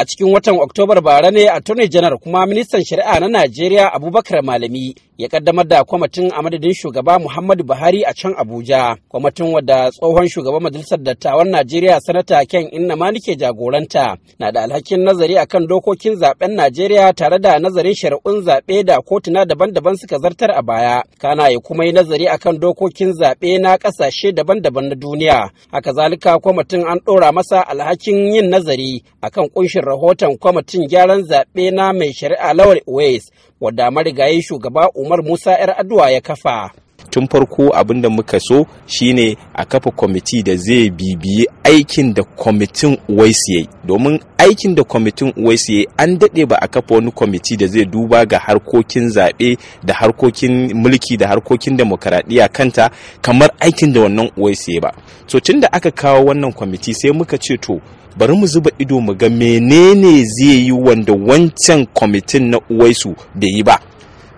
a cikin watan oktobar bara ne attorney Janar kuma ministan shari'a na najeriya abubakar malami ya kaddamar da kwamitin a madadin shugaba muhammadu buhari a can abuja kwamitin wadda tsohon shugaban majalisar dattawan najeriya sanata ken inna ma nike jagoranta na da alhakin nazari akan dokokin zaben najeriya tare da nazarin shari'un zaɓe da kotuna daban-daban suka zartar a baya kana ya kuma yi nazari akan dokokin zaɓe na ƙasashe daban-daban na duniya haka zalika kwamitin an ɗora masa alhakin yin nazari akan ƙunshin rahoton kwamitin gyaran zaɓe na mai shari'a lawal Uwais wadda marigayi shugaba Umar Musa 'yar Adua ya kafa. tun farko abin da muka so shine a kafa kwamiti da zai bibiyi aikin da kwamitin uwais yayi domin aikin da kwamitin uwais yayi an dade ba a kafa wani kwamiti da zai duba ga harkokin zaɓe da harkokin mulki da harkokin demokaradiyya kanta kamar aikin da wannan uwais ba so tun da aka kawo wannan kwamiti sai muka ce to bari mu zuba ido mu ga menene zai yi wanda wancan kwamitin na uwaisu bai yi ba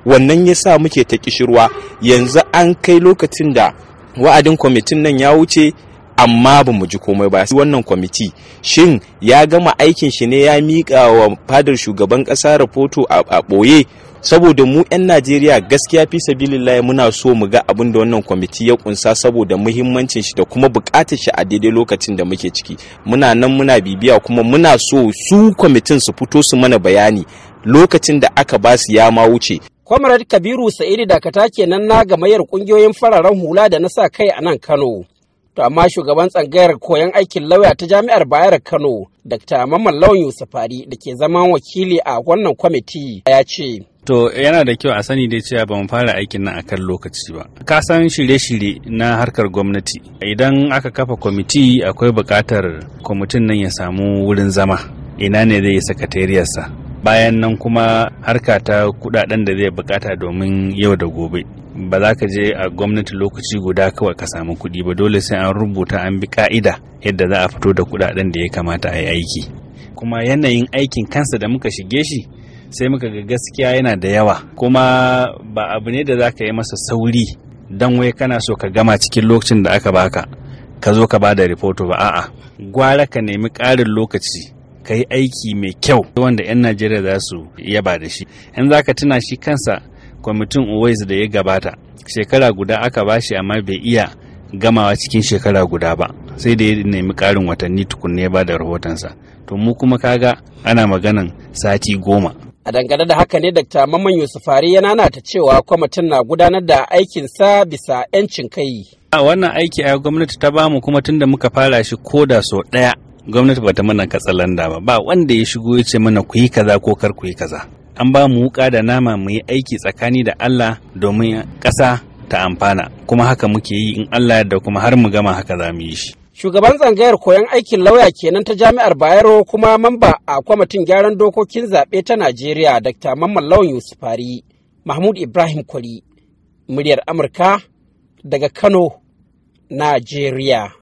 wannan ya sa muke ta kishirwa yanzu an kai lokacin da wa'adin kwamitin nan ya wuce amma ba mu ji komai ba wannan kwamiti shin ya gama aikin shi ne ya miƙa wa fadar shugaban ƙasa rahoto a ɓoye saboda mu 'yan najeriya gaskiya fi sabilillahi muna so mu ga abin da wannan kwamiti ya kunsa saboda muhimmancin shi da kuma bukatar shi a daidai lokacin da muke ciki muna nan muna bibiya kuma muna so su kwamitin su fito su mana bayani lokacin da aka ba su ya ma wuce Comrade Kabiru Sa'idu Dakata kenan na ga mayar ƙungiyoyin fararen hula da na sa kai a nan Kano. To amma shugaban tsangayar koyon aikin lauya ta Jami'ar Bayar Kano, Dr. Mamman Lawan Yusufari da ke zaman wakili a wannan kwamiti ya ce. To yana da kyau a sani dai cewa ba mu fara aikin nan akan lokaci ba. Ka san shirye-shirye na harkar gwamnati. Idan aka kafa kwamiti akwai buƙatar kwamitin nan ya samu wurin zama. Ina ne zai yi sakatariyarsa? bayan nan kuma harka ta kudaden da zai bukata domin yau da gobe ba za ka je a gwamnati lokaci guda kawai ka samu kuɗi ba dole sai an rubuta an bi ka'ida yadda za a fito da kudaden da ya kamata a yi aiki kuma yanayin aikin kansa da muka shige shi sai muka ga gaskiya yana da yawa kuma ba abu ne da za ka yi masa sauri don wai kana so ka gama cikin lokacin da aka baka ka zo ka ba da rifoto ba a'a gwara ka nemi ƙarin lokaci ka yi aiki mai kyau wanda 'yan najeriya za su yaba da shi in za ka tuna shi kansa kwamitin always da ya gabata shekara guda aka ba shi amma bai iya gamawa cikin shekara guda ba sai da ya nemi karin watanni tukunna ya ba da rahotonsa to mu kuma kaga ana maganan sati goma a dangane da haka ne dr maman yusufari yana nata cewa kwamitin na gudanar da aikin sa bisa 'yancin kai a wannan aiki a gwamnati ta bamu kuma tun da muka fara shi koda da sau ɗaya gwamnati bata mana katsalanda ba ba wanda ya shigo ya ce mana ku yi kaza ko kar ku yi kaza an ba mu wuka da nama mu yi aiki tsakani da Allah domin ƙasa ta amfana kuma haka muke yi in Allah da kuma har mu gama haka za mu yi shi shugaban zangayar koyon aikin lauya kenan ta jami'ar bayero kuma mamba a kwamitin gyaran dokokin zaɓe ta najeriya dr mamman lawan Yusuf fari mahmud ibrahim kwari muryar amurka daga kano najeriya